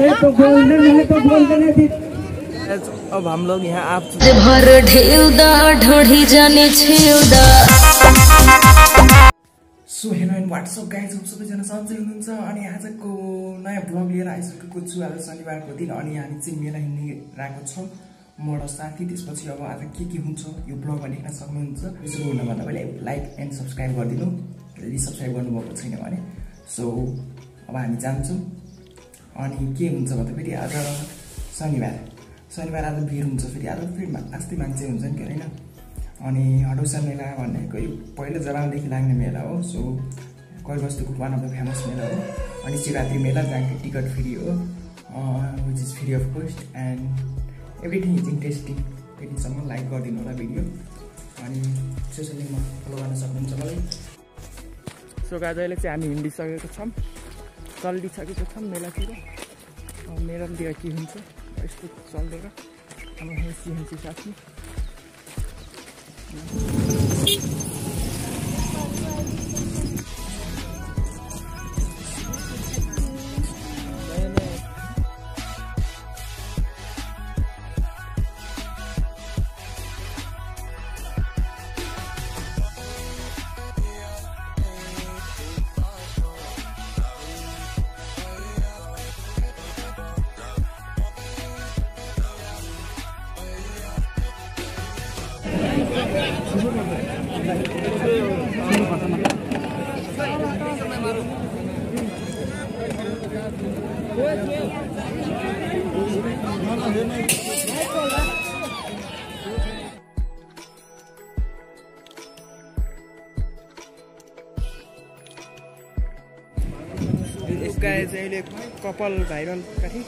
अब हम लोग यहाँ आप भर ढेउदा ढोढ़ी जाने so hello and what's up guys सबैजना सन्चै हुनुहुन्छ अनि आजको नयाँ ब्लग लिएर आइसकेको छु आज शनिबारको दिन अनि हामी चाहिँ मेला हिँडिरहेको छौँ म र साथी त्यसपछि अब आज के के हुन्छ यो ब्लगमा लेख्न सक्नुहुन्छ सुरु हुनुभन्दा पहिले लाइक एन्ड सब्सक्राइब गरिदिनु रिसब्सक्राइब सब्सक्राइब गर्नुभएको छैन भने सो अब हामी जान्छौँ अनि के हुन्छ भन्दा फेरि आज शनिबार शनिबार आज भिड हुन्छ फेरि आज फेरि अस्ति मान्छे हुन्छ नि के होइन अनि हडौसा मेला भनेको यो पहिलो जमानादेखि लाग्ने मेला हो सो कलबस्तुको वान अफ द फेमस मेला हो अनि शिवरात्रि मेला जहाँ कि टिकट फ्री हो which is free of cost and everything is interesting त्यतिसम्म लाइक गरिदिनु होला भिडियो अनि सोसियल मिडियामा फलो गर्न सक्नुहुन्छ मलाई सो गाजाले चाहिँ हामी हिँडिसकेको छौँ चलिसकेको छ मेलातिर अब मेलातिर के हुन्छ यस्तो चलेर अब हेसी हेसी साथी उसका चाहिँ अहिले कपाल भाइरल काठी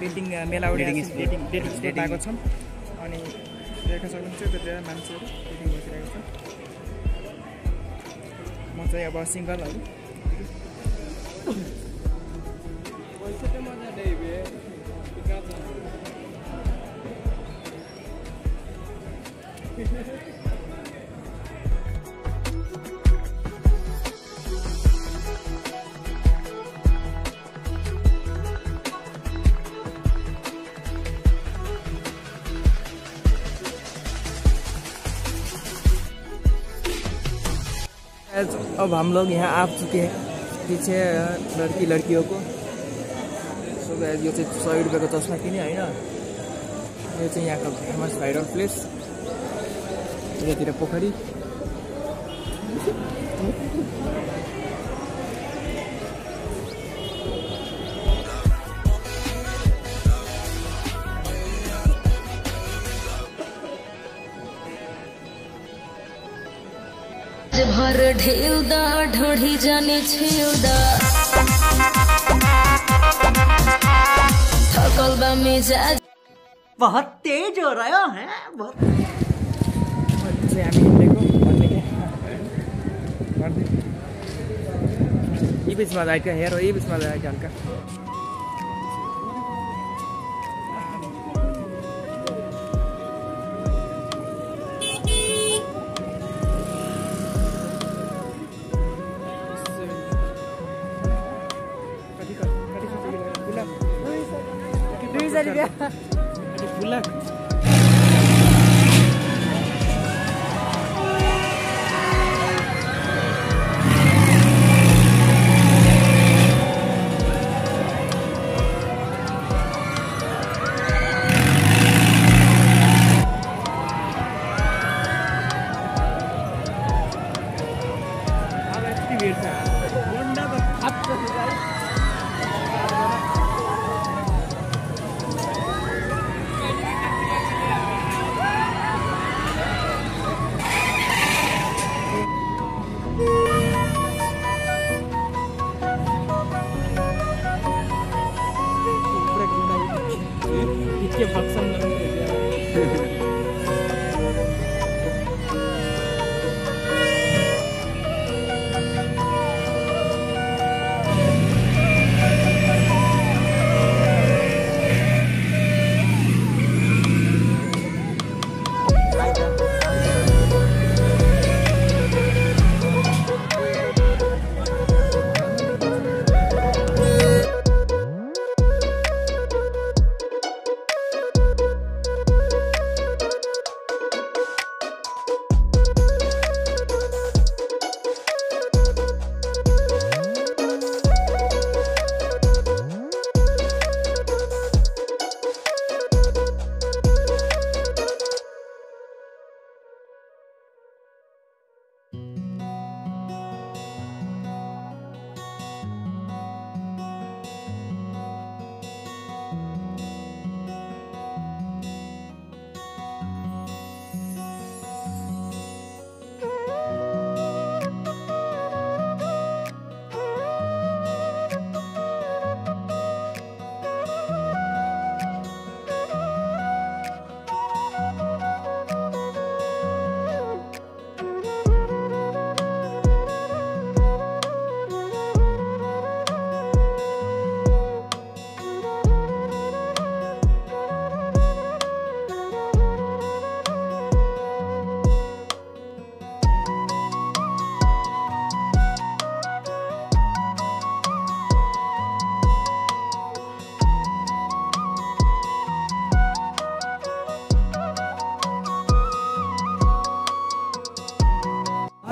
बेटिङ मेला डेटिङ डेटिङ डेटिङ आएको छन् अनि देख्न सक्नुहुन्छ धेरै मान्छेहरू saya bawa single lagi. अब हम लोग यहाँ आ चुके हैं पीछे लड़की लड़कियों को सो गैस यो चाहिँ सय रुपियाँको चस्मा किने होइन यो चाहिँ यहाँको फेमस भाइरल प्लेस यतातिर पोखरी भर ভর ढोढ़ी जाने छेउदा थकल बा मिजाज बहुत तेज हो रहा है बहुत ये भी इसमें आया क्या हेयर ये भी इसमें आया क्या हजार रुपया 이렇박수한번해야돼요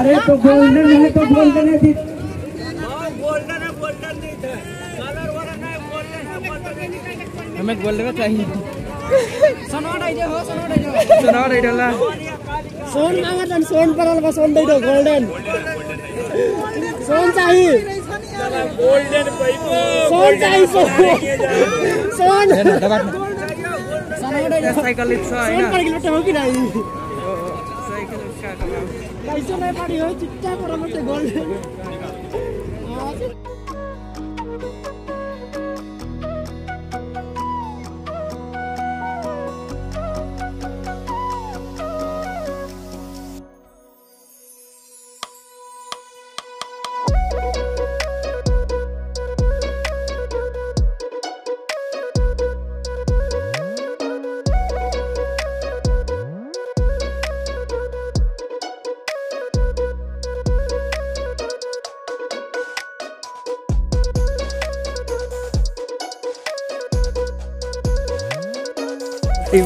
अरे तो गोल्डन है तो गोल्डन है गोल्डन है गोल्डन नहीं था कलर वाला है गोल्डन है गोल्डन नहीं हमें गोल्डन चाहिए सोना दे दो सोना दे दो सोना दे दो ला सोन मांगा था सोन पर अलवा सोन दे दो गोल्डन सोन चाहिए गोल्डन सोन चाहिए सोन सोन साइकिल सोन पर किलो टमकी नहीं পিছনে পানি হয় চিৎকার করার মধ্যে গোল্ডেন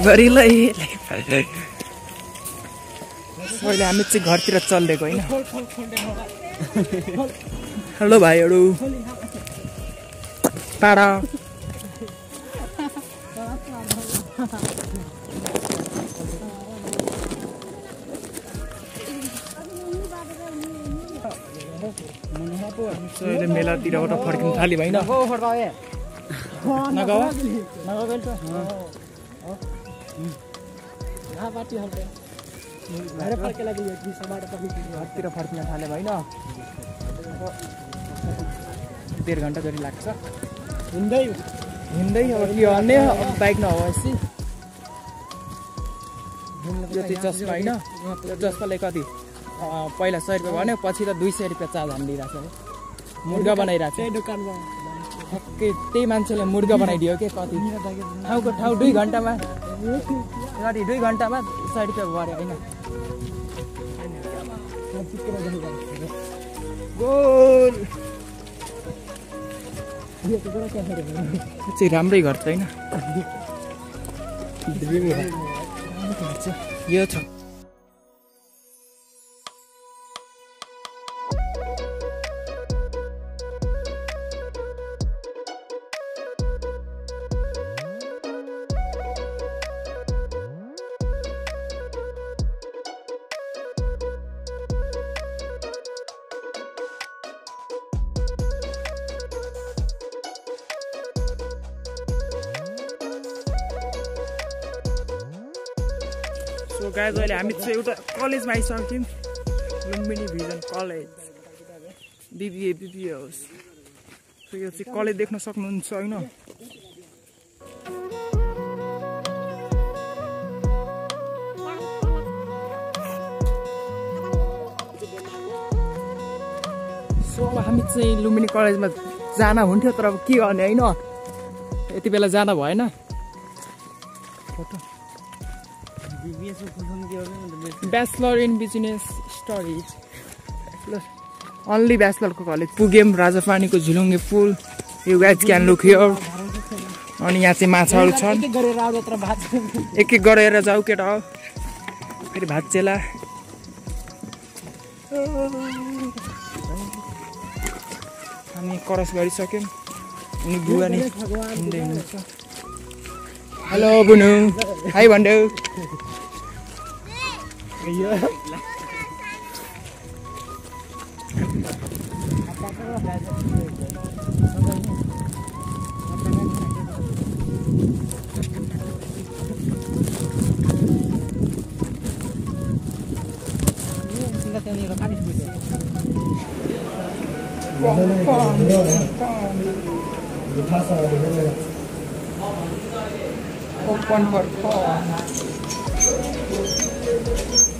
भरिलाई अहिले हामी चाहिँ घरतिर चलिदिएको होइन हेलो भाइहरू टाढा मेलातिरबाट फर्किनु थाल्यो होइन घरतिर फर्किन थाल्यो होइन डेढ घन्टा जति लाग्छ हिँड्दै हिँड्दै अब बाइक नभएपछि यो चाहिँ चस्मा होइन चस्माले कति पहिला सय रुपियाँ भन्यो पछि त दुई सय रुपियाँ चार्ज हामी लिइरहेको छ मुर्गा बनाइरहेको छ दोकानमा के त्यही मान्छेले मुर्गा बनाइदियो के कति ठाउँको ठाउँ दुई घन्टामा गाडी दुई घन्टामा सय रुपियाँ गऱ्यो होइन चाहिँ राम्रै गर्छ होइन यो छ सो गाइज अहिले हामी चाहिँ एउटा कलेजमा आइसकेको थियौँ Lumbini vision college BBA BBA होस् यो चाहिँ कलेज देख्न सक्नुहुन्छ होइन सो अब हामी चाहिँ लुम्बिनी कलेजमा जान हुन्थ्यो तर अब के गर्ने होइन यति बेला जान भएन photo bachelor in business studies only ब्याचलरको कलेज पुग्यौँ पानीको झुलुङ्गे पुल you guys can look here अनि यहाँ चाहिँ माछाहरू छन् एक एक गरेर जाऊ केटा हो फेरि भात चेला हामी क्रस गरिसक्यौँ अनि बुवा नै हिँड्दै हुनुहुन्छ hello bu nương hay bạn đưa one for four.